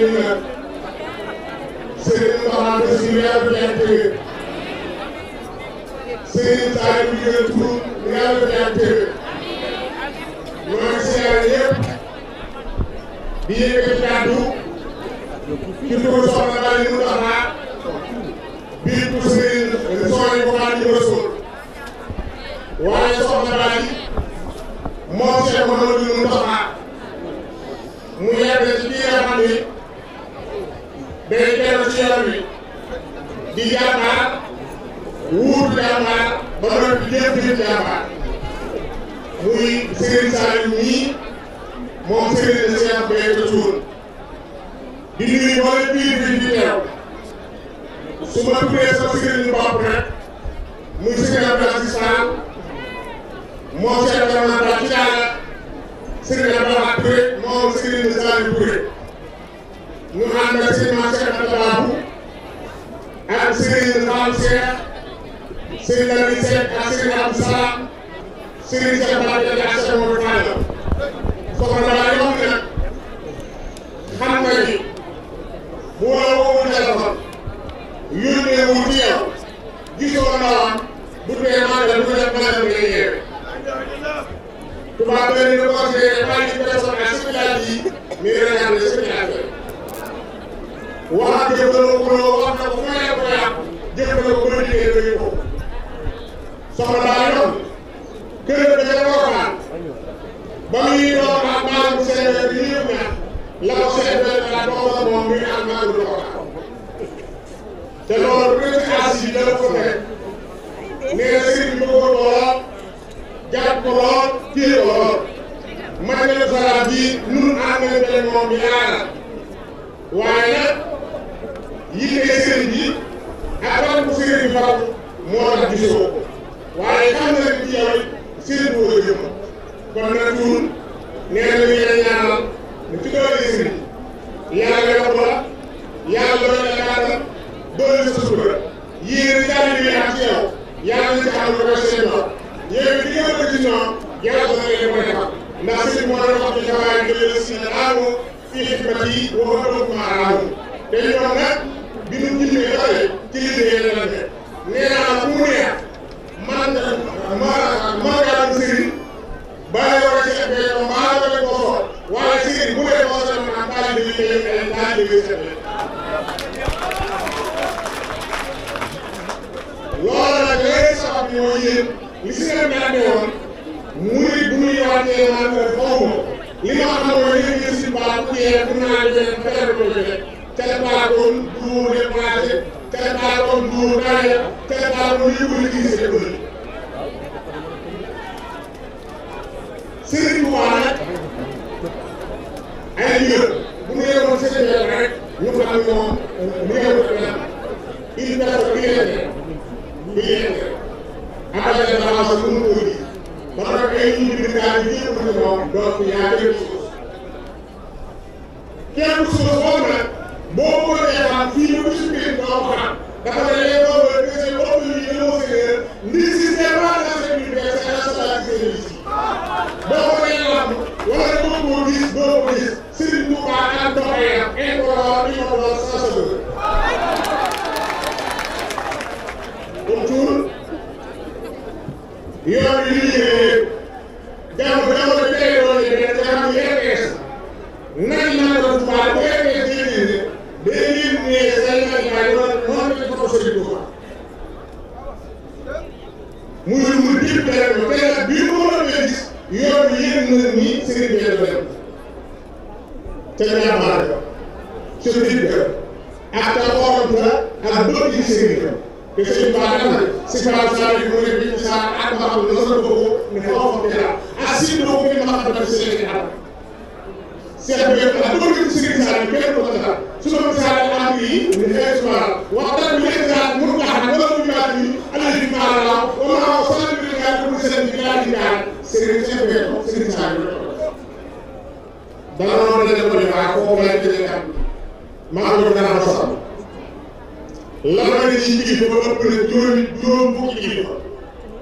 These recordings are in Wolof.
sëriñ la sëriñ si weeru leen tëye sëriñ Sadio Ndiaye Tour weeru leen tëye ñoo ngi seere yëpp di soxna Bali mu tax bii pour sooy bu Xaadimu Rasuul waaye soxna Bali moom Cheikh Mouhamadou mu tax day teew ci yoon di jàmbaar wuutu jàmbaar ba doon lépp di jàmbaar muy Serigne Saliou nii moom Serigne de Cheikh Béthio Thioune di nuyu wala biir bi di su ma tuddee sa Serigne bopp rek muy Serigne Abdou Aziz Fall moom moom Serigne Saliou Touré mu ànd ak sëñ Mame Cheikh Anta Babou ak Serigne Fall Cheikh Serigne Lamine Cheikh ak Serigne Abdou Salam Serigne bu la woowu téléphone yónnee wu ci yow gisoo bu dee màggal bu def màggal bi ngay yeewe tubaab ko considéré pas une personne à similarité yi mais waxaat jëfandikoo ko loo xam ne bu ma nee ko yàq jëfandikoo ko ba liggéey ba ñu ko soxla naa ñoom kër ga dañoo dooraan ba muy dooraan maanaam seen bi ñu yëpp ñaar la ko seen benn la doxal moom muy am naa lu doxal te loolu présidence yi dana ko fekk nee na sëriñ bi ko lool jàpp ko lool kii ko lool matériel sara bi ñun ànd nañ leen moom bi ñaara waaye nag yitte sëriñ bi ak wàllu bu sëriñ bi faral moo tax gisoo ko waaye xam na leen ci yow sëriñ boo kon na ñu yàlla ñaanal ne ci doole sëriñ bi yàlla yokku la yàlla doole la kàttan doole sa sutura yéen taalibe yi am ci yow yàlla na ci xam lu koy seen di gën a ci ñoom yàlla na leen ko yi jëlee si ne aamu fii xikmat yi waxu ëpp maanaam bi ñu jullee tawee ci liggéey la la nee naa man ma ma gàllankoor Serigne bàyyi wala ci FPL ko soxla waaye bu dee boo soxla maanaam bàyyi bi liggéey bi bàyyi liggéey bi loolu nag léegi sabab bi li si ne mel ne woon muy bu li ma xam mooy si baax yee bu ñu naan jëlee fexeel Télémarathon du déplacé Télémarathon du daaya Télémarathon yëngu liggéey yëngu la. Serigne Touba nag ay liggéey bu ñu yemoon Serigne Touba rek ñu ko am ñoom ñu ngi ko def il nga ko bi ngeen na boo ko bëggee xam fii ba bisim biir doo ko xam dafa ne lee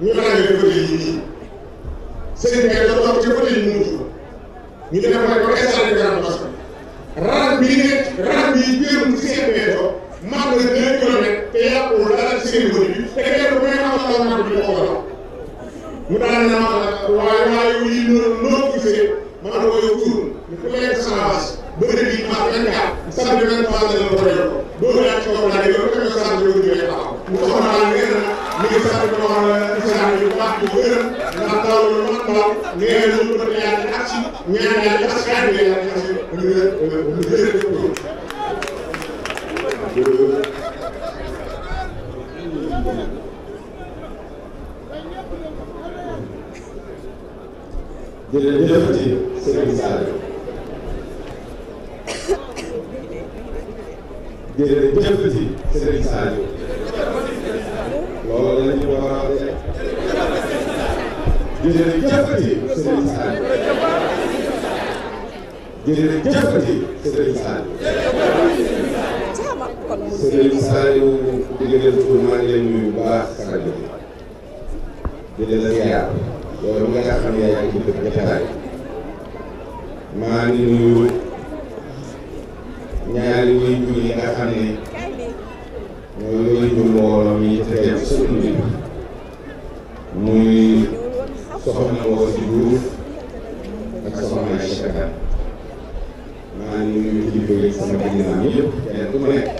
ñu xanaa ne côté yi nii sëriñ bi dafa doon ci côté yi ñu ko ñu def mooy ba instant bi grand bascule rang bii nekk rang bii jërum ci seen météo mat na deux kilomètres te yàqul dara ci seen côté bi te kenn ku nekk am na mat bi ko ko mu daan na ma waaye waaye yi noo noo gisee ma ne ko yow tur ñu ko lekk sama base bëri bi mat nañ kaat samedi vingt trois heures la ko doo ko laaj ci kaw naa yow ko ñu taxaw mu taxaw naa ngeen naa mi ngi sant bu ma bi bu baax di ko gërëm ndax ndaw la lu ma ndaw nee na lu bëgg yàlla ñaar si ñaan yàlla ñaar si yàlla ñaar si mu ngi mu ngi gërëm jërëjëf ci Serigne Saliou jërëjëf ci Serigne Saliou loolu la ñu war a def jërëjëfati Serigne Sall jërëjëfati Serigne Sall Serigne Sall di leen tudd maa ngi leen nuyu bu baax sa rajo bi di leen ziar loolu nga xam ne yaa ngi ci biir jotaay maa ngi nuyu ñaari muy ñu mbooloo mi teew sëñ bi muy soxna Ngozi Diouf ak soxna Aïcha Kane maa ngi nuyu kilifa yi sama ginnaaw yëpp kenn ku nekk.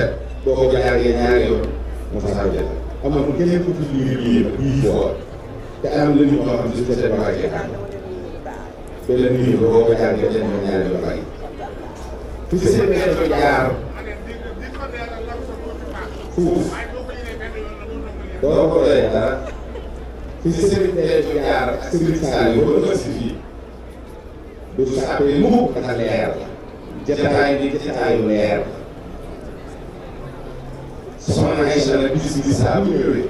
set boo ko jaaree ñaari yoon mu tasaare jënd amul kenn ku ci biir bii bii foor te am na nit ñoo xam ne suñu set ba xëy na benn nit ñi boo ko jaaree jënd ñoom ñaari yoon bari fu seen xel jaar fuuf doo ko doyee dara fu seen xel jaar ak seen saal yi wala si fii du saa koy mukk dafa leer jataay bi jataayu leer soxna Aïcha nag bis bi saa bu ñëwee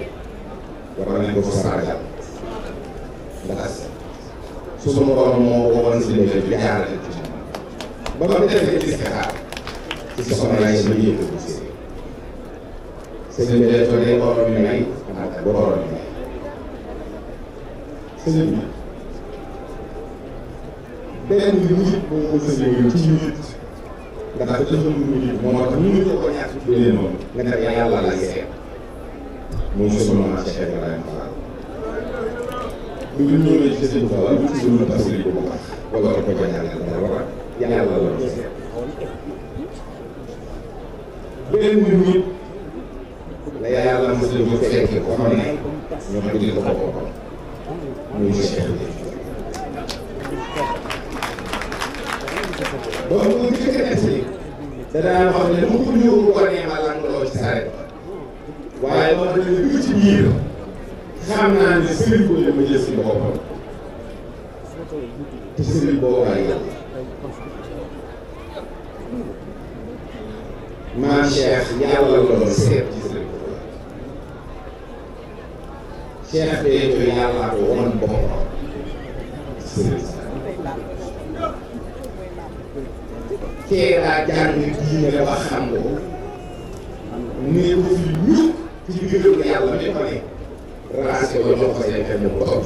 war nañ ko fa sargal ndax su sunu borom moo ko wan si mbir bi jaarale ci ba ba mu defee istixaar si soxna Aïcha ñu yëngu ko si sëñ bi day toog day borom ñu may ak borom ñu may sëñ bi benn nit bu mu sëñ bi ci nit ndax ba tënku ñu moo tax ñu ngi ko ñaar fukki leen moom nga ne yaa yàlla la yee moom sunu maam Cheikh Ibrahima Fall bu ñu ñëwee ci sëñ Fall ñu ci sunu tasiri bu baax wala ko ko ñaanal dara wala yàlla la ñu seet beneen mbir mi la yàlla mos a jóg fekk ko xam ne ñoo xam ne ko boppam muy Cheikh bi danaa wax ne mu ko ñëw mu ko nee ma langaloo ci saret waaye wax na ne dugg ci biir xam naa ne sëriñ boobu la ma jël si boppam te sëriñ boobu ay yàlla maam Cheikh yàlla la doon seet ci sëriñ boobu Cheikh bee yàlla ko woon boppam teel a jàng diine la ba xam nga ko nee ko fi ñëpp ci li gërëm yàlla ne ko ne raas ko jox ko seen xel mu ko toog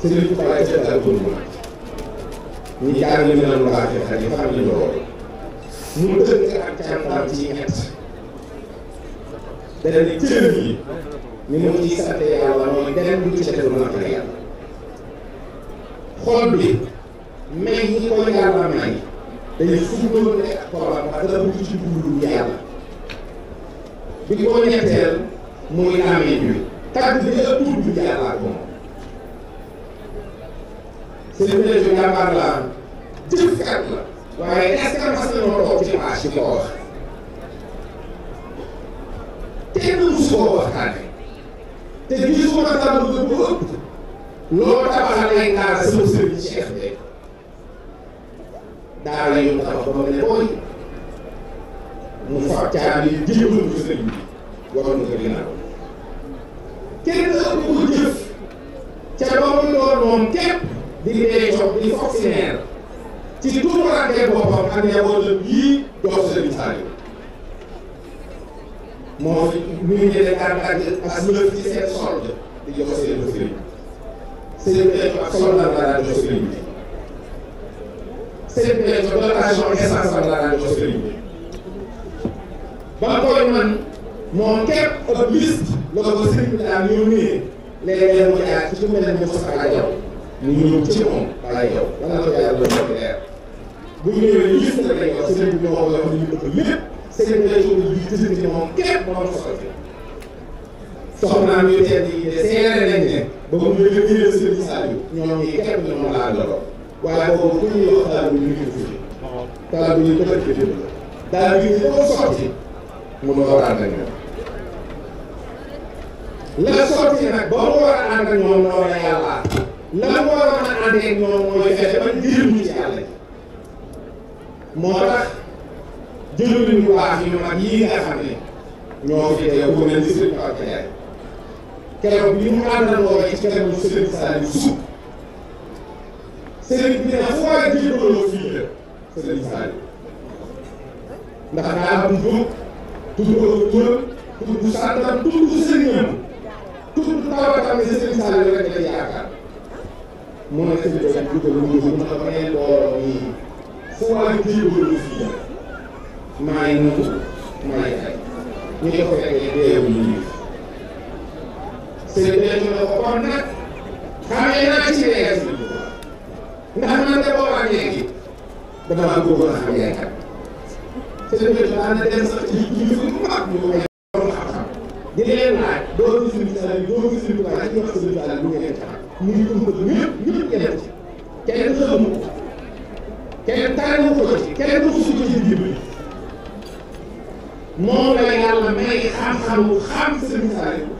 Serigne Touba ay jot a góor ñu jaarale ñu naan waa Jokalante fan la ñu woo ñu tënk ak càmpaam ci ñett dana ne cër yi ni mu ciy sant yàlla mooy beneen bu ci ca tegu mat la yàlla xol bi may ñi ko yàlla may dañu suñu nekk ak xolam ak dara bu ci dugub yàlla bi ko ñetteel muy amee bi tàgg bi ëpp dugub yàlla ak moom. te mu nekk jàmbaar laa jëfkat la waaye est-ce que mas ma toog ci bâche yi ko wax kenn musu koo waxtaane te gisuma tànn bu bu ëpp loo tabaxal ay daara sama sëriñ Cheikh de daara yu mu tabax ba mu ne booy mu fa caabi jébbal ko sëriñ bi waxoon na ko ginnaaw kenn ëpp ko jëf ca loolu loolu moom képp di beeco di fonctionnaire ci tumurante boppam ak njabootam yii jox Serigne Saliou moo ñu ngi jëlee carte ak ñëw ci seen solde di jox seen Serigne seen beeco ak solde la daan jox Serigne bi seen beeco dotation essence la daan jox Serigne bi ba koy man moom képp ab liste la ko Serigne bi daan yónnee léeg-léeg mu jaar ci lu mel ne Moussa Diaw ñu ñëw ci moom bàyyi yow lan la ko yàlla doon def leer bu ñu ñëwee gis na rek yow sëriñ bi ñoo xam ne ñu bëgg lépp sëriñ bi lay tudd bi gis ci moom képp moom soxla ci soxnaam yu teel yi de seere nañ ne ba mu ñu ñu ñu sëriñ Saliou ñoom yi képp ñu moom laa daloo waaye boobu ku ñuy wax daal bu ñu ñu fuji daal bu ñu ko tëj ci daal bi ñu ko soxla mu ma war a ànd ak ñoom la soxla nag ba mu war a ànd ak ñoom la war a yàlla lan moo war a mën a àndee ak ñoom mooy fexe ba njëriñu ci yàlla ji moo tax jullit bu baax yi ñu mag yii nga xam ne ñoo fi teew ku mel ni Sëriñ Mbacké Ndiaye keroog bi mu àndandoo ci keroog Sëriñ Saliou Souk sëriñ bi ne fu waay jébbaloo fii la Sëriñ Saliou ndax daa am tudd tudd ko turam tudd santam tudd ko sëriñam tudd tawatam ne Sëriñ Saliou rek la yaakaar mun a sëñ bi dañu dugal mu jóg ndax ba ngeen booloo nii fu waa ji jiw bi fii dem maay nutu maay fay ñu ko fekkee deewul nii sëñ bi dañu ne ko kon nag xamee naa ci leer bi ndax man de boobaa léegi damaa bëggoon a xam yaay kat sëñ bi daan na dem sax ci ci lu mag ñu koy xam-xam di leen laaj doo gis lu ñu doo gis lu ñu wax sëñ bi daal lu ngeen tax ñu ngi ko ñëpp ñëpp yem ci kenn xamu ko kenn tànn ko ci kenn mosu si ci dimbali moom la yàlla may xam-xamu xam Serigne Saliou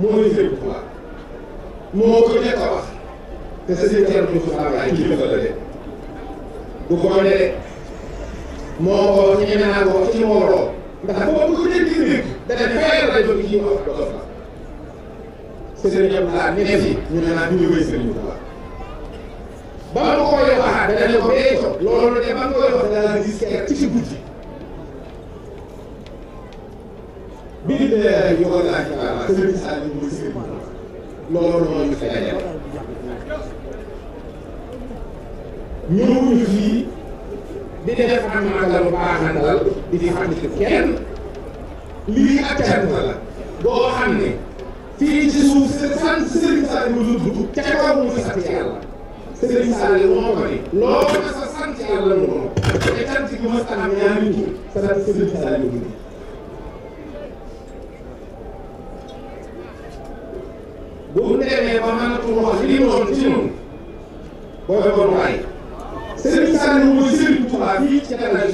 moo lay fekk quoi moo ko njëkk a wax te Serigne Thierno Diouf Babaye kii la la de du ko ne de moo ko ñeme naa ko ci moo ndax boo ko déggee dégg da ngay fayal rajo bi ñuy wax doxal sëriñ Abdoulaye ñu ne fi ne naa ñu ngi wéy sëriñ Abdoulaye ba ma koy waxaat dana ne ko dee eh, loolu de ba ma koy wax dana la gis ci si guddi bi ñu dee rek ñu ko laaj ah, xalaat sëriñ Saliou mooy sëriñ loolu moo ñu fekk a ñëwuñu fii di def am màggalu baaxandal di di fàttali kenn lii ak cant la boo xam ne. fii ci suuf sant Serigne Saliou mu dul dugg ca kaw mu ngi sant yàlla Serigne Saliou moo ko ne loo ma sa sant yàlla mu noonu te cant gi ma am ñaari tur sant Serigne Saliou mu bu mu demee ba mënatul wax li mu doon ci ñun booy ko doon waay Serigne Saliou mooy Serigne Touba fii ci canal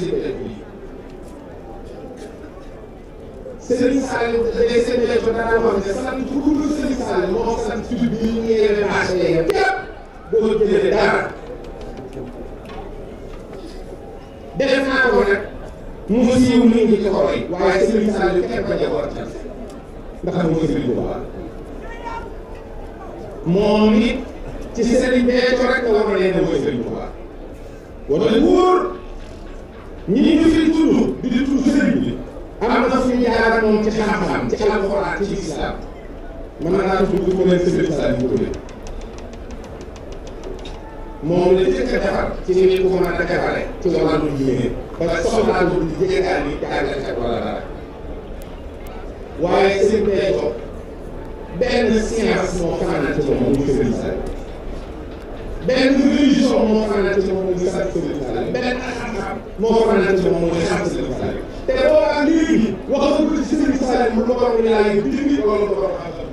Serigne Saliou dangay séddale ko danaa wax ne sant bu dul Serigne Saliou moo sant tuuti bi ñu ñëwee marché mu siiw nit ñi ci waaye Serigne Saliou kenn bañ a war a tànn ndax mooy Serigne Touba moom it ci Serigne Béthio rek war na leen mooy Serigne Touba war na leen am na fu ñu jaar ak moom ci xam-xam ci alxuraan ci lislaam mën naa ko dugg ko leen sëñ Saaliw Touré moom la jëkk a defar ci nit ku ko mën a defarale ci wàllu jigéen ba soxlaa lu di jëgaat yi jàngalekat wala dara waaye sëñ Béthio benn science moo xamante ne moom muy sëñ Saaliw benn religion moo xamante ne moom muy sant sëñ Saaliw benn xam-xam moo xamante ne moom muy sant sëñ Saaliw te boobaa léegi waxoon ko ci Serigne Saliou mu bokkoo ñu laaj bi ci biir wala bokkoo xam-xam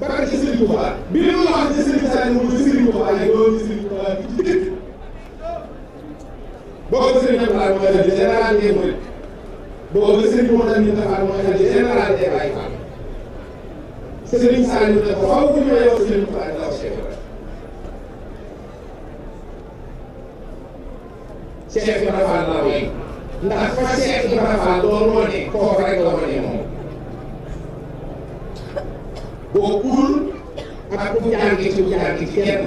barke ci Serigne Touba bi ñu wax ci Serigne Saliou mu Serigne Touba yi loolu Serigne Touba bi ci dëkk boo ko Serigne Abdoulaye mooy xalifa général des Mourides boo ko Serigne Mouhamadou Moustapha mooy xalifa général des Baye Fall Serigne Saliou ne ko xaw ko ñëwee yow Serigne Touba la wax Cheikh Ibrahima Cheikh Ibrahima Fall la wax ndax fa Cheikh Ibrahima Fall doon wane kooku rek la wane moom boo uul ak ku jàngi ci jàngi ci kenn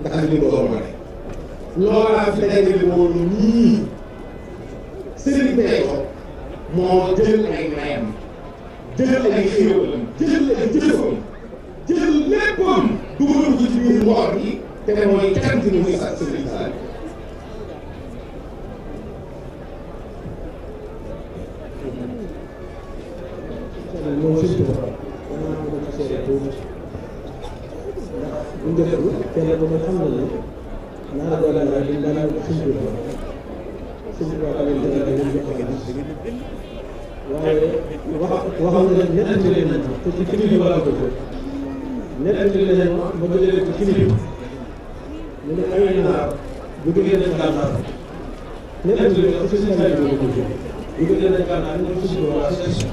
ndax li ñu doon wane loolaa fi dajale woon ñii Serigne Beco moo jël ay mayam jël ay xéewalam jël ay jëfam jël léppam dugal ko ci biir ngoor gi te mooy cant ni muy sax Serigne dëgg la danaa ko ci seere tuuti ndax bu njëkk kenn na ne naa waaye wax waxam ne ñett bi leen te ci kilifa ko jóg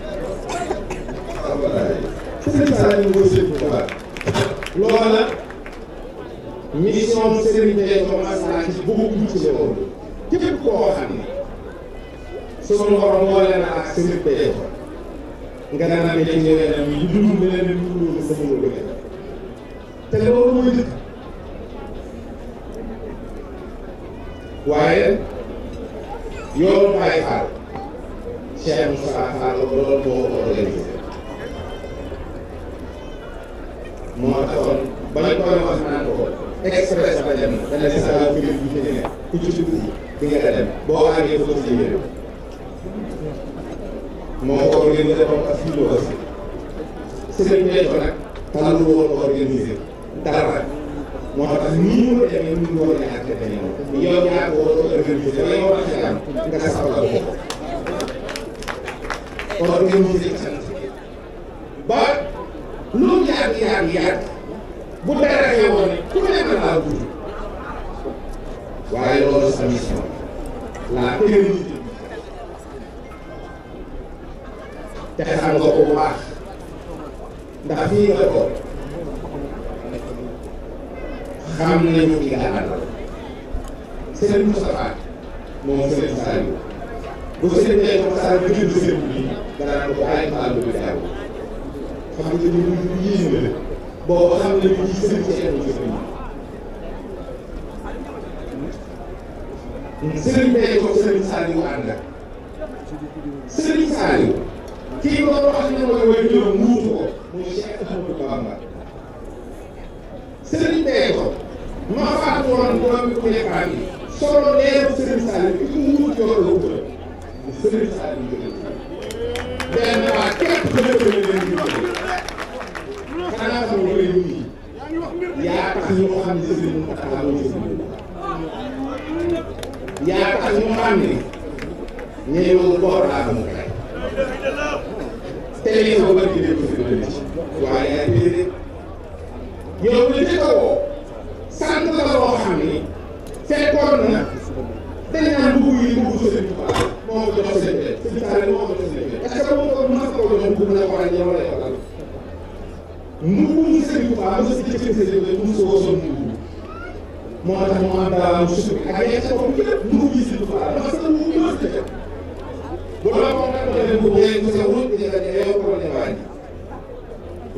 sa la ñu wër Sëriñ Tuubaa loola mission Serigne Ndiaye Thiaw Asra ci bëggu dugg ci woon képp koo xam ne sunu borom boole na ak Serigne Ndiaye Thiaw nga daan amee ci ñeneen yi dund leneen di dund loolu sa mënul bëgg te loolu mooy dëkk waaye yoonu Baye Fall Cheikh Moussa Fall loolu moo ko organisé moo taxoon ba ñu ko doon wax naan ko express ba dem na dana saa mbir yu fi ne ku ci dugg di nga dem boo àggee ko ci yére moo organisé woon ak fii loo aussi sëriñ Béthio nag tàllu woon organisé dara moo tax nii mu demee nii mu war a ñàkk dañu yow ñaar war a organisé la yow wax nga sabal ko organisé ak bu dara xewoon ku nekk laa gudd waaye loolu sa mission la pérennité te xam nga ko bu baax ndax fii nga ko xam nañu ki nga àndal sëriñ Moustapha moom sëriñ Saliou bu sëriñ tey moom bi gën sëriñ bi danaa bu ay boobu xam ne ñu sëñ ci émission sëriñ bee ko sëriñ Saliou ànd ak sëriñ Saliou kii boo wax ne mooy way juróom muutu ko muy Cheikh Ahmadou Bamba sëriñ bee ko ma faatu woon borom ku nekkaan yi solo leeru sëriñ Saliou bi ku muut yoon la wutal sëriñ Saliou benn waa képp ku nekk ñu xam ne dëgg moom taxawal yaa tax ñu xam ne ñëwul boor laa mu kay télé yi nga bëgg di ko fi dëgg ci waaye yaa ngi dëgg yow li njëkk a woo sant la loo xam ne fekkoon na dañ naan dugub yi dugub sëriñ bi moo ko jox sëriñ bi sëriñ bi moo ko jox sëriñ bi est-ce que boo ko mën a ko jox dugub na ko rek yow la yow la nguuru Sëriñ Tuubaa mos a jëfee sa réew rek mosoo sonn nguuru moo tax mu mu suuf ak ay xeetu comme yëpp nguuru Sëriñ Tuubaa dafa sa nguuru mos a jëf bu la ko xamante ne bu dee mos a wut di nga ne yow ko ne wàññi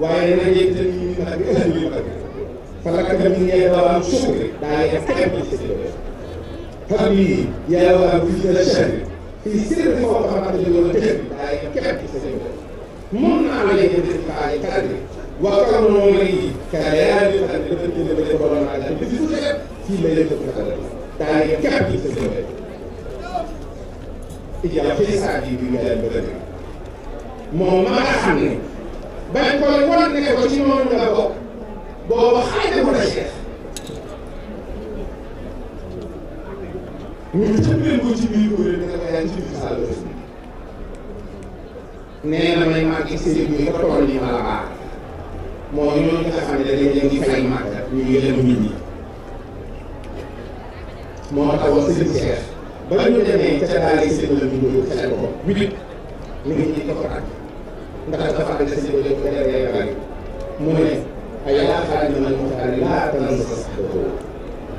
waaye dana yëg te ñu ñu nag ëllëg yu bëgg fan la ka dem mu suuf rek daa yëg xeetu ci sa réew xam ni yàlla waa bu fi وكانوا مومي كلام الدكتور اللي بيتكلم على الدكتور في ليلة القدر يعني كم في الزمان إذا في سعدي بيجي البلد مهم ما حمل بل كل واحد نكوتي ما من دابا بابا خايف ولا شيخ نتبين كوتي بيجي ولا نتبين كوتي بيجي nee na may màgg sëriñ bi nga toll nii ma mooy ñooñu nga xam ne dañu leen di fay màgg ñu yërëm nit ñi moo taxoon Serigne Cheikh ba ñu demee ca daal di séddale ñu ñëw ca ko huit mi ngi ñuy defar ak ndax dafa ànd si ba ko def ay ragal mu ne ay yaakaar ñu mën ko daal laata na sa sax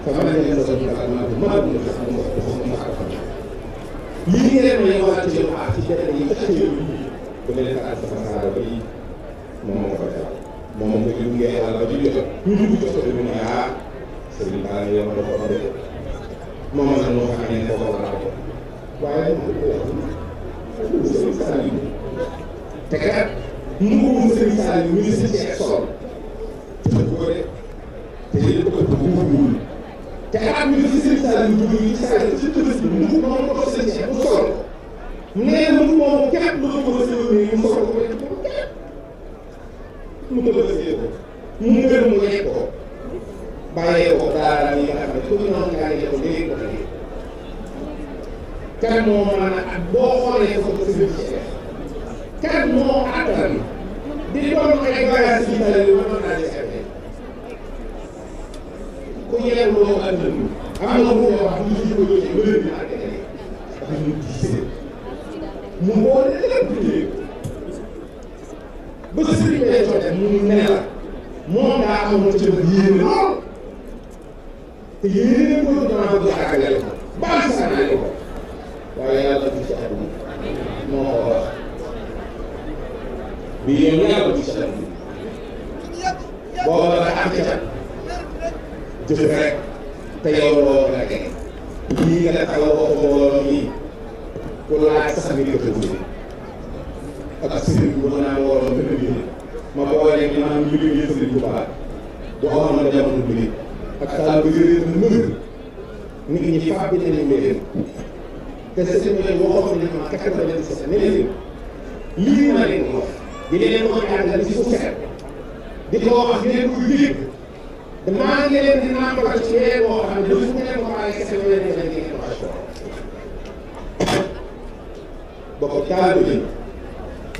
fa mën nañu sa ñu faal maa bu mën a sax mu wax ko mu xaar yi ngi leen may waxal ci lu baax ci jëfe yi ci lu bu leen faal sa sax ba yi moom moo ko defal moom moom dañuy gunge alal ba ci joxe toujours bu joxe dañu ne ah sëriñ Ba yow ma dafa am de moom nag moo xam ne foofu war a ko waaye moom dañu ko sëriñ Saliou te kat mu ko woon sëriñ Saliou mu ngi si ci solo te ko de te yéen ko ëpp bu te at mi si sëriñ Saliou dugg yi ci Saliou ci tëbës bi mu ko moom ko sëriñ bu solo nee na mu moom képp lu ko bëgg a sëriñ mu solo ko mu tëbësee ko mu gën mu lekk ko bàyyee ko daara yi nga xam ne ku ñoom nga ne ko léegi ko léegi kan moo mën a at boo xoolee ko ko sëriñ Cheikh kan moo attan di doon ay bagage yi tali yu mën naa defee ku yeewu loo ëllëg am na bu wax ñu si ko jógee lu leen di àggale dafa ñu diisee mu boole lépp ba sëriñ bay joxe mu ngi ne la moom daa amoon ci bëgg yéene lool te yéene ko dama bëgg àggale ko baal sànnale ko waaye yàlla du ci àdduna moo ko wax bi yéen yàlla du ci àdduna booba la am ca cat jëf rek te yow loo war a gën lii nga taxaw waxu mbooloo nii ku laaj sax ni ko tëdd ak sëriñ bu ma naan woowoon dëkk bi ma booleeg maanaam liggéey sëriñ Tuubaa bu amoon na jamono bi nii ak taal ba jëlee na mënul nit ñi fàbbi nañu mbéy te sëriñ bi waxoon nañu ma quatre-vingt-dix-sept ne leen lii ma leen wax di leen ko jàngal ci suuf seet di ko wax di leen ko dégg damaa ngi leen di nàmbal ci yeneen boo xam ne dafa ngeen ko ay kese leen di leen di ngeen wax bokk taal ba jënd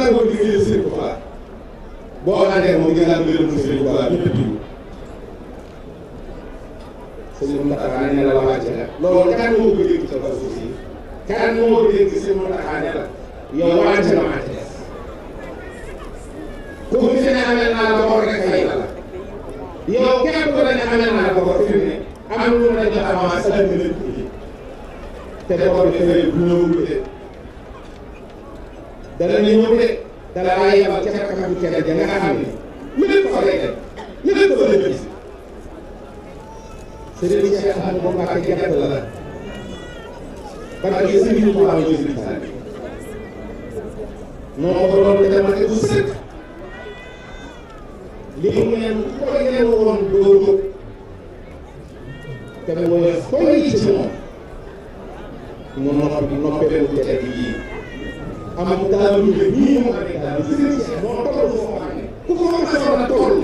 nangoo liggéeyal Serigne Touba boo àndee moom ngeen am ngërëmu Serigne Touba ñëpp di Serigne Mountakha ne la waxaat ci nag loolu kan moo ko dégg ci kaw suuf si kan moo ko dégg Serigne Mountakha ne la yow waxaat ci la ma ci des ku fi ne amee naa la bokk rek ay la yow képp ku la ne amee naa la bokk fi ne am lu mu la jox avance sa ëndi leen ko te bokk bi dafay bu ñëwul de dana ñëw de dana laa yebal ca xamante ne ja nga xam ne lépp fa lay def lépp fa lay gis sëriñ bi Cheikh Ahmadou Bamba Mbacké gerte la la parce que sëriñ bu baax sëriñ Sall moo ko doon te jamono bu sëkk li mu leen ko leen woon dóoru te mooy xool yi ci moom mu noppi noppee bu tedd yi Amady Talla Mbengue ñii moom Amady Talla Mbengue moo toll foo xam ne ku ko mos a war a toll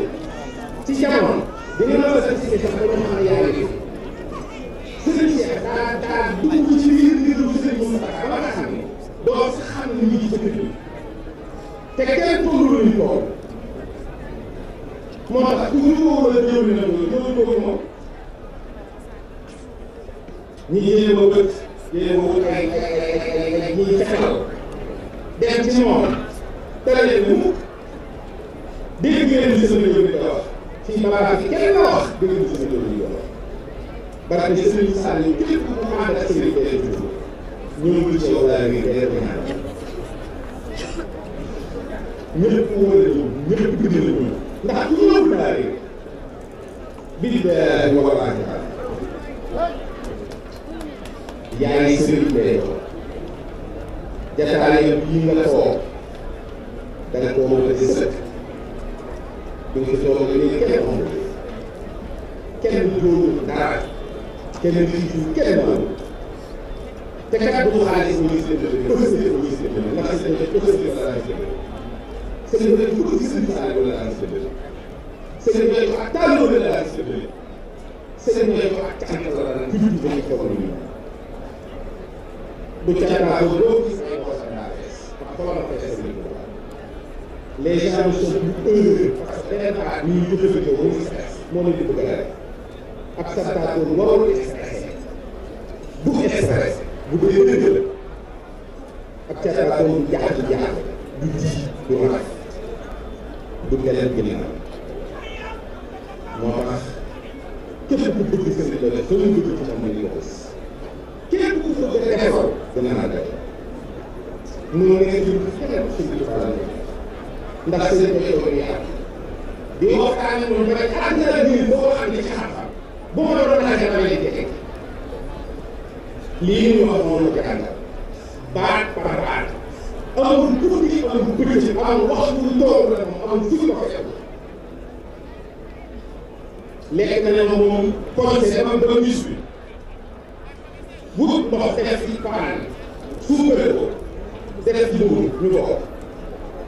ci jamono dina la sax ci sax ba ñu xam ne yaa ngi fi Serigne Cheikh daa daa dugg ci biir mbirum Serigne Moustapha ba nga xam ne doo sax xam ne ñu ngi ci kër te kenn tolluñu ko moo tax ku ñu ko wala ñëw na ñëw ñu ko moom ñu jéem a wët jéem a wut ay ay ay ay ñuy jaxal dem ci moom tëralee bi mu dégg ngeen li sëriñ Jóob di wax fii balaa fi kenn la wax ku mu ànd ak sëriñ Jóob ñu ngi ci yow laa ngi dee ko ñaan ñëpp wóor na ñëpp ku ñëwul laa rek bii de ñu war yaa ngi sëriñ jataay bii nga toog da nga koo mën gis rek bu ñu ko toog léegi kenn amul kenn jóoñu dara kenn fiitu kenn mënu te kat bu xaalis bu gis dëgg professeur bu gis dëgg ndax gis dëgg professeur la daan dëgg sëñ bi ku ko gis dëgg saa la daan dëgg sëñ bi ko ak tàlloo la dëgg sëñ bi ko ak cant la daan dëgg bu ñu ko les gens sont plus heureux parce que beneen baat ñuy jëfandikoo wu ñu stress moo leen di bëgg a rek ab sabtaatoon warul stressé bu stressé bu dee dëgg la ab sabtaatoon du jaax du jaax du ji du rafet du gënal gënal moo tax képp ku bëgg seen bëgg soo leen bëgg ci xam ne ko képp ku bëgg a defar dana la def mënoo nga jur keneen suñ ko faral ndax sëñ bi yow dañuy am di waxtaan ak moom ba ci am na biir boo ko am ci xam-xam bu ma doon laajee ma lay jege lii ñu wax moo la ko jàngal baat par baat amul guddi amul bëccëg amul wax bu toog la moom amul fu ñu ko yàgg léegi na ne ma moom conseil dama dama mis bi wut ndox def ci paan suukar def ci dugub ñu bokk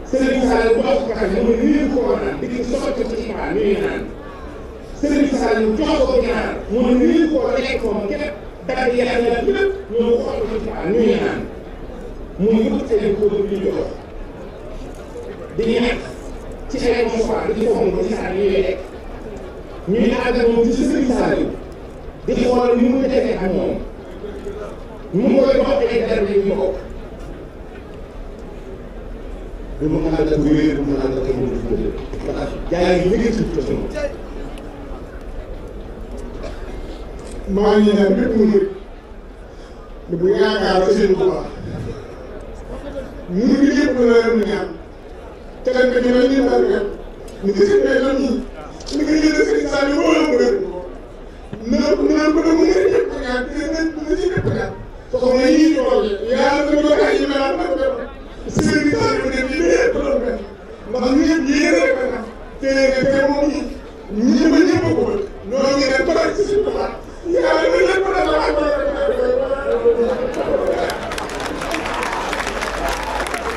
Serigne Sall wax ko tamit mu ne nii ko war a naan di ci sotti ci imaan ñu naan Serigne Sall ñu jox ko ñaar mu ne nii ko nekk moom képp dara yàlla na lépp ñoo xool ci imaan ñu naan mu yëpp ay ko di jox di ñàkk ci ay mosuwaat di fomm ko ci saa ñuy lekk ñuy ànd moom ci Serigne Sall di xool ni mu defee ak moom mu koy wax ay dara yu bokk bi mu ànd ak wéer bi mu ànd ak mu dugg dëgg ndax jaay yi yëgee suuf si moom. maa ngi ñaan bépp mu nit ne bu yaakaar seen Tuubaa mu ngi lépp la ñu ñaan te ren que ñu ne ñu naan ren ñu gis ne lan ñu ñu ngi jënd seen saa yu wóor la bëgg na na bëgg mu ngi ñëpp ñaan te ne na ci ñëpp ñaan soxna yi ñu toll yàlla dama doon ay ñu mel Secretário de Direito, mas nem dinheiro para ter que ter um nem me nem não é para participar. E aí eu lhe para lá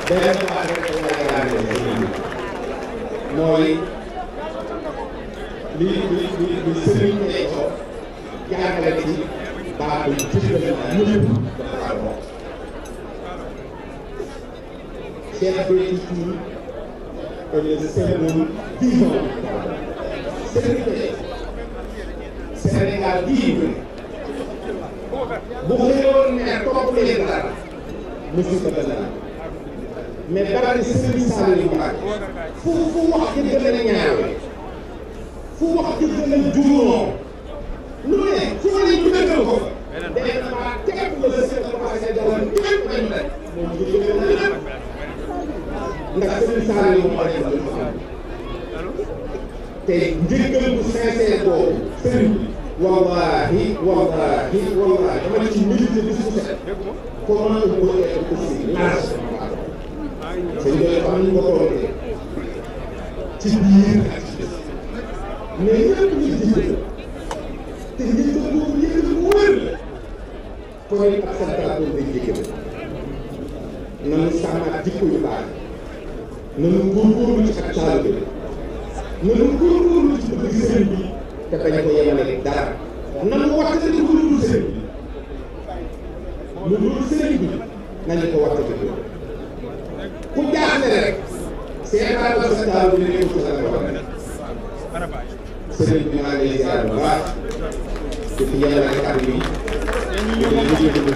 para mooy li li li li sëriñ ele jox jàngale ci baaxul ci la ñu yëpp dafa bokk quebra tudo, ele é ser humano vivo. Sempre tem. Senegal vive. Morreu na completa. Música banana. Mais dara di sëriñ Saliou Mbacké fu fu wax ji gën a ñaawe fu wax ji gën a juróom lu ne fu ne que dëggal a day a ndax commissaire yi moom ay te njëggal bu sincère boobu sëriñ wallahi wallahi wallahi dama ci milité bis bu set comment on peut être aussi large sëñ bi é am ñu ko toogee ci biir ak ci des mais ñëpp ñu jiite te njëkk boobu njëkk bu wër la nanu góorgóorlu ci ak taalibe nanu góorgóorlu ci bëgg sëriñ bi te bañ ko yemale dara nanu waxtali ko lu dul sëriñ bi lu dul sëriñ bi nañu ko waxtali ko ku jaaxle rek seetaan ko sa taalibe ne ko sa borom sëriñ bi maa ngi lay ziar bu baax te fi yemale kàddu yi ñu ngi bu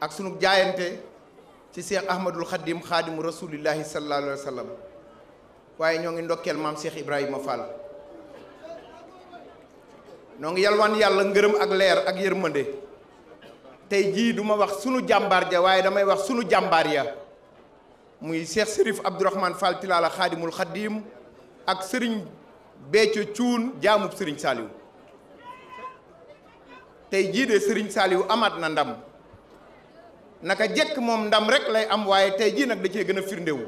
ak sunu jaayante ci Cheikh Ahmadul Khadim khadim rasulillah sallallahu alaihi wasallam sallam ñongi ndokkel mam Ibrahim Cheikh ibrahim Fall ñongi yalwan yalla ngeureum ak leer ak yermande tay ji duma wax sunu jambar ja waye damay wax sunu jambar ya muy Cheikh serif Abdourahmane Fall Tilala Khadimul Khadim ak serigne cun Thioune jaamu serigne saliw tay ji de serigne saliw amat na ndam naka jekk moom ndam rek lay am waaye tey jii nag da cee gën a firndewu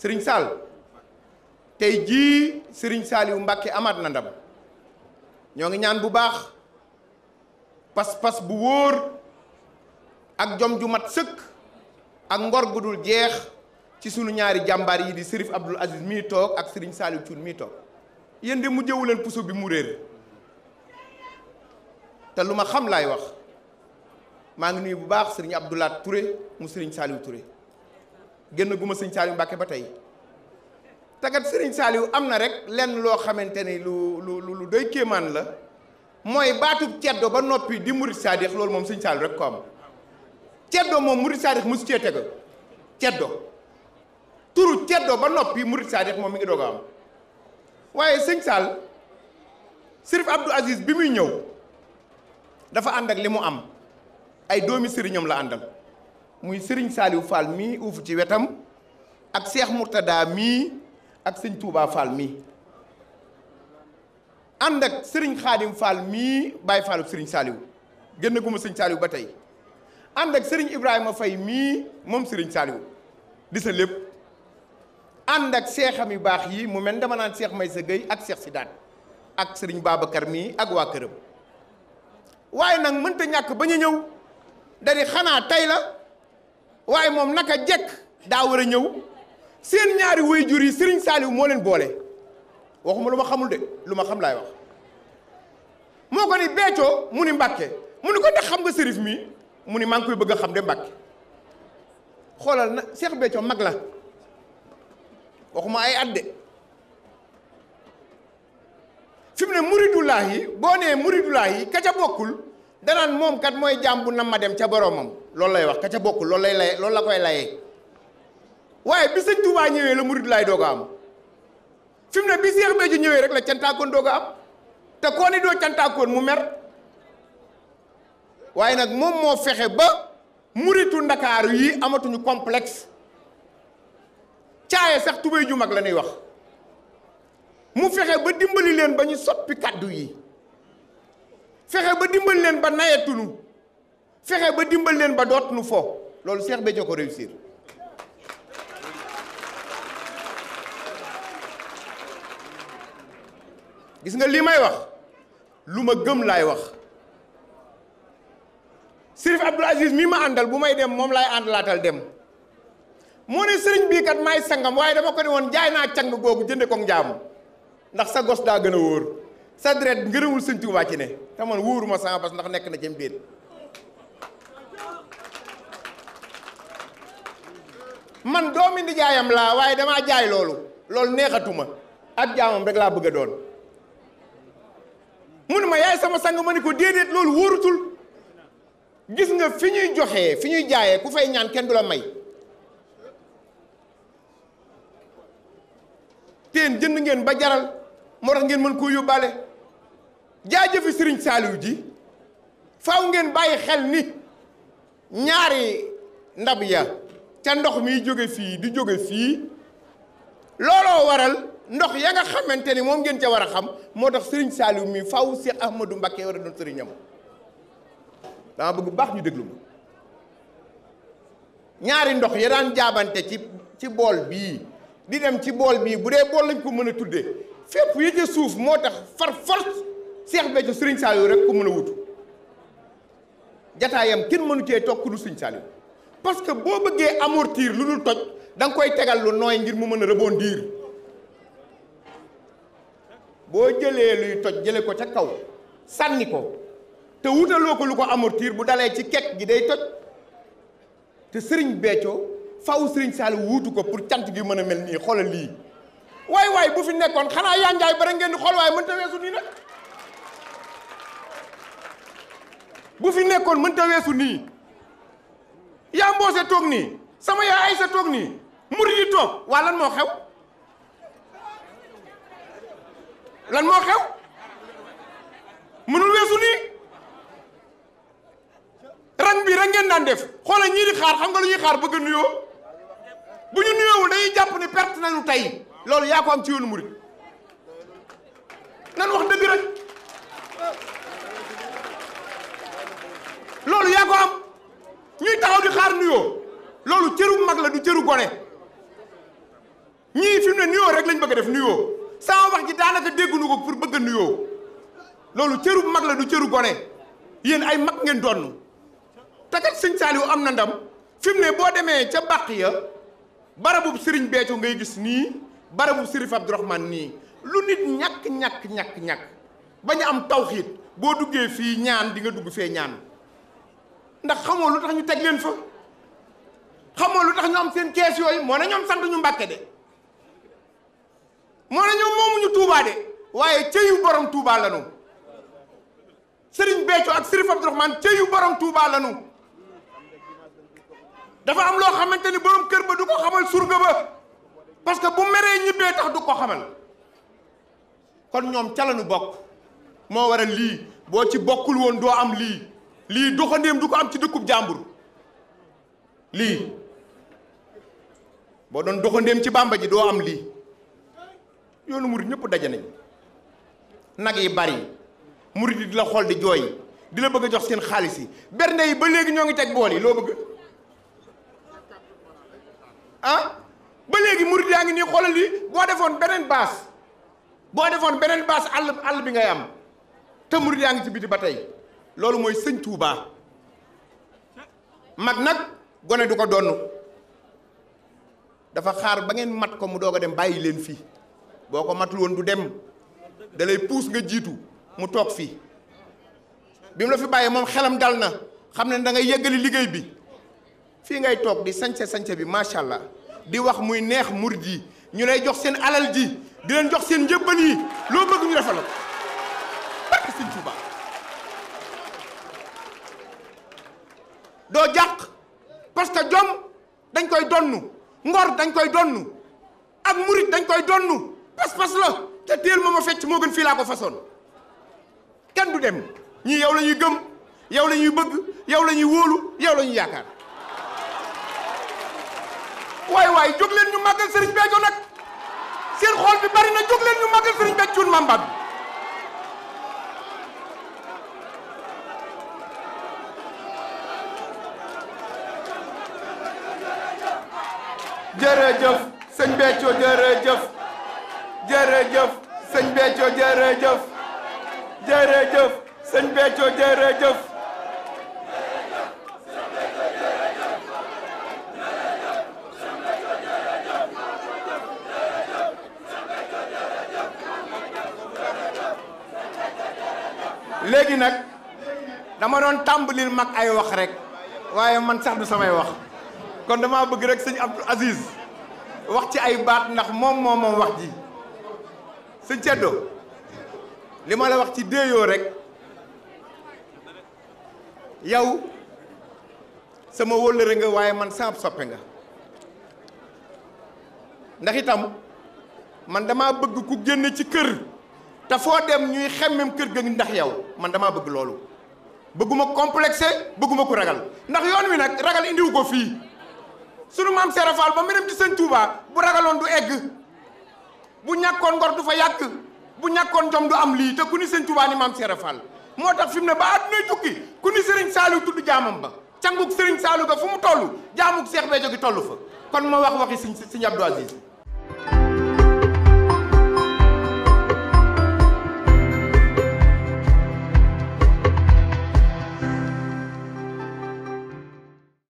sëriñ Saal tey jii sëriñ Saaliw Mbàkke amaat na ndam ñoo ngi ñaan bu baax pas-pas bu wóor ak jom ju mat sëkk ak ngor gu dul jeex ci sunu ñaari jàmbaar yi di Sërif Abdul Aziz mii toog ak sëriñ Saaliw Cuun mii toog yéen de mujjewuleen puso bi mu réer te lu ma xam laay wax maa ngi nii bu baax sëñ Abdoulaat Touré mu sëriñ Saliou Touré génn guma sëriñ Saliou Mbàkke ba tey takat sëriñ Saliou am na rek lenn loo xamante ni lu lu lu doy kéemaan la mooy baatu ceddo ba noppi di murit saadix loolu moom sëriñ Saliou rek ko am ceddo moom murit saadix mosu cee tega ceddo ceddo ba noppi murit saadix moom mi ngi doog am waaye sëñ Sall Sërif Abdou Aziz bi muy ñëw dafa ànd ak li mu am ay doomi sëriñam la àndam muy sëriñ Saliou Fall mii uuf ci wetam ak seex Mourtada mii ak sëñ Touba Fall mii ànd ak sëriñ Khadim Fall mii Baye Fallu sëriñ saaliw génn gu ma sëñ Saliou ba tey ànd ak sëriñ Ibrahima Faye mii moom sëriñ Saliou di sa lépp ànd ak seexam yu baax yi mu mel dama naan Cheikh Maysa Gueye ak Cheikh Sidaat ak sëriñ Babacar mii ak waa këram waaye nag mënta ñàkk bañ ñëw. dani xanaa tey la waaye moom naka jekk daa war a ñëw seen ñaari waajur yi Serigne Saliou moo leen boole waxuma lu ma xamul de lu ma xam laay wax moo ko ni beccoo mu ni Mbàkke mu ni ko ndax xam nga sërif mi mu ni maa koy bëgg a xam de Mbàkke xoolal na Cheikh beccoo mag la waxuma ay at de fi mu ne muridulaahi boo nee muridulaahi ka ca bokkul danaan moom kat mooy jaam bu nam ma dem ca boroomam loolu lay wax ka ca bokkul loolu lay lay lool la koy layee waaye bi sëñ Tuubaa ñëwee la murid laay doog a am fi mu ne bi Seex Béthio ñëwee rek la cantaakoon doog a am te koo ni doo cantaakoon mu mer waaye nag moom moo fexe ba muritu ndakaaru yi amatuñu complexe caaye sax tubéy ju mag la ñuy wax mu fexe ba dimbali leen ba ñu soppi kàddu yi fexe ba dimbal leen ba nayetunu fexe ba dimbal leen ba dootunu fo loolu Cheikh Béthio ko réussir gis nga lii may wax lu ma gëm laay wax Sérif Abdoul Aziz mii ma àndal bu may dem moom laay àndalaatal dem moo ne sëriñ bii kat maay sangam waaye dama ko ne woon jaay naa càng googu jënde ko njaamu ndax sa gos daa gën a wóor sa deret ngërëmul sëñ Tuubaa ci ne te man wóoruma sama bas ndax nekk na ci mbir man doomi nijaayam laa waaye damaa jaay loolu loolu neexatuma ak jaamam rek laa bëgg a doon mun yaay sama sang ma ni ko déedéet loolu wóorutul gis nga fi ñuy joxe fi ñuy jaayee ku fay ñaan kenn du la may teen jënd ngeen ba jaral moo tax ngeen mën koo yóbbaale jaajëfi sëriñ Saliou ji faw ngeen bàyyi xel ni ñaari ndab ya ca ndox mi jóge fii di jóge fii looloo waral ndox yaa nga xamante ni moom ngeen ca war a xam moo tax sëriñ Saliou mi faw si Ahmadou Mbacké war a doon sëriñam dama bëgg baax ñu déglu ma ñaari ndox ya daan jaabante ci ci bool bii di dem ci bool bii bu dee bool lañ ko mën a tudde fépp yi ca suuf moo tax far force Cheikh Béthio sëriñ Saliou rek ku mën a wutu jataayam kenn mënu cee toog ku dul Serigne Saliou parce que boo bëggee amortir lu dul toj danga koy tegal lu nooy ngir mu mën a rebondir boo jëlee luy toj jële ko ca kaw sànni ko te wutaloo ko lu ko amortir bu dalee ci kekk gi day toj te sëriñ Béthio faw Serigne Saliou wuutu ko pour cant gi mën a mel nii xoolal lii waay waay bu fi nekkoon xanaa yaa njaay bare ngeen di xool waaye mënta weesu nii nag bu fi mën ta wessu ni ya mboose tok ni sama ya aïssa tok ni nii murid yi toog waa lan mo xew lan mo xew mënul wessu ni rang bi rang ngeen daan def xol ñii di xaar xam nga lu ñi xaar bëgg nuyo bu ñu wu dañuy japp ni perte nañu tay lolu ya ko am ci yoonu mouride nan wax deug rek loolu ya ko am ñuy taxaw di xaar nuyo loolu ciiru mag la du ciiru gone ñi fi ne nuyo rek lañ bëgg def nuyo sama wax ji daanaka dégguñu nuko pour bëgg nuyo nuyoo ciiru mag la du ciiru gone yeen ay mag ngeen donn takat seigne saliw am na ndam fi mu ne boo demee ca bàq ya barabu serigne beccu ngay gis ni, barabu serif abdourahman ni lu nit ñak ñak ñak ñak baña am tawhid bo duggé fi ñaan di nga dugg fe ñaan ndax xamoo lu tax ñu teg leen fa xamoo lu tax ñu am seen kees yooyu moo ne ñoom sant ñu Mbàkke de moo ne ñoom moomuñu Touba de waaye cëyu borom Touba lanu Serigne Béthio ak Serif Abdourahmane cëyu borom Touba lanu dafa am loo xamante ni borom kër ba du ko xamal surga ba parce que bu meree ñibbee tax du ko xamal kon ñoom ca bokk moo waral lii boo ci bokkul woon doo am lii. li doxandeem du ko am ci dëkkub jàmbur lii boo doon doxandeem ci bamba ji do am li yoonu murit ñepp dajé nañ nag yi bari murit di la xool di joy di la bëgg jox seen xaaliss yi berne yi ba légui ñoo ngi bool yi lo bëgg ah ba légui murit ya ngi ni xolal li bo defoon benen baas bo defoon benen baas all all bi ngay am te murit ya ngi ci biti batay loolu mooy sëñ Touba mag nag gone du ko donn dafa xaar ba ngeen mat ko mu doog a dem bàyyi leen fii boo ko matul woon du dem dalay lay puus nga jiitu mu toog fii bi mu la fi bàyyee moom xelam dal na xam ne da ngay yeggali liggéey bi fii ngay toog di sañse sañse bi macha allah di wax muy neex mur ji ñu lay jox seen alal ji di leen jox seen njëbbal yi loo bëgg ñu defal la barke doo jàq parce que jom dañ koy donn ngor dañ koy donn ak murit dañ koy donnu pas-pas la te teel ma ma fecc moo gën fii laa ko façon kenn du dem ñii yow la ñuy gëm yow la ñuy bëgg yow la ñuy wóolu yow la ñuy yaakaar waay waay jóg leen ñu màggal Serigne Béthio nag seen xool bi bari na jóg ñu màggal Serigne Béthio Cuun Mamba jërëjëf sëñ Béthio jërëjëf jërëjëf sëñ Béthio jërëjëf jërëjëf sëñ Béthio léegi nag dama doon tàmbalil mag ay wax rek waaye man sax du samay wax kon damaa bëgg rek sëñ ab Aziz wax ci ay baat ndax moom moom moom wax ji sëñ Ceddo li ma la wax ci déeyoo rek yow sama wóllëre nga waaye man sama soppe nga ndax itam man damaa bëgg ku génn ci kër te foo dem ñuy xemmem kër ga ndax yow man damaa bëgg loolu bëgguma complexé bëgguma ko ragal ndax yoon wi nag ragal indiwu ko fii sunu maam Serap Fall ba mu dem ci sëñ Touba bu ragaloon du egg bu ñàkkoon ngor du fa yàq bu ñàkkoon jom du am lii te ku ni sëñ Touba ni maam Serap Fall moo tax fi mu ne ba àdduna tukki ku ni Serigne Saliou tudd jaamam ba canguk Serigne Saliou ga fu mu toll jaamuk Cheikh Béthio gi toll fa kon ma wax waxi sëñ sëñ Abdou Aziz